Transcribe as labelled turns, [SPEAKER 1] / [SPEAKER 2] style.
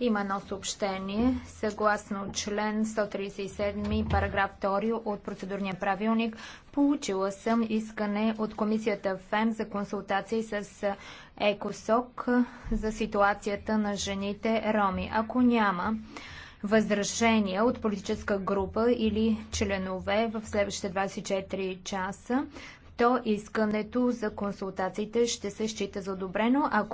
[SPEAKER 1] Има едно съобщение, съгласно член 137, параграф 2 от процедурния правилник. Получила съм искане от комисията ФЕМ за консултации с ЕКОСОК за ситуацията на жените роми. Ако няма възражения от политическа група или членове в следващите 24 часа, то искането за
[SPEAKER 2] консултациите ще се счита за одобрено. Ако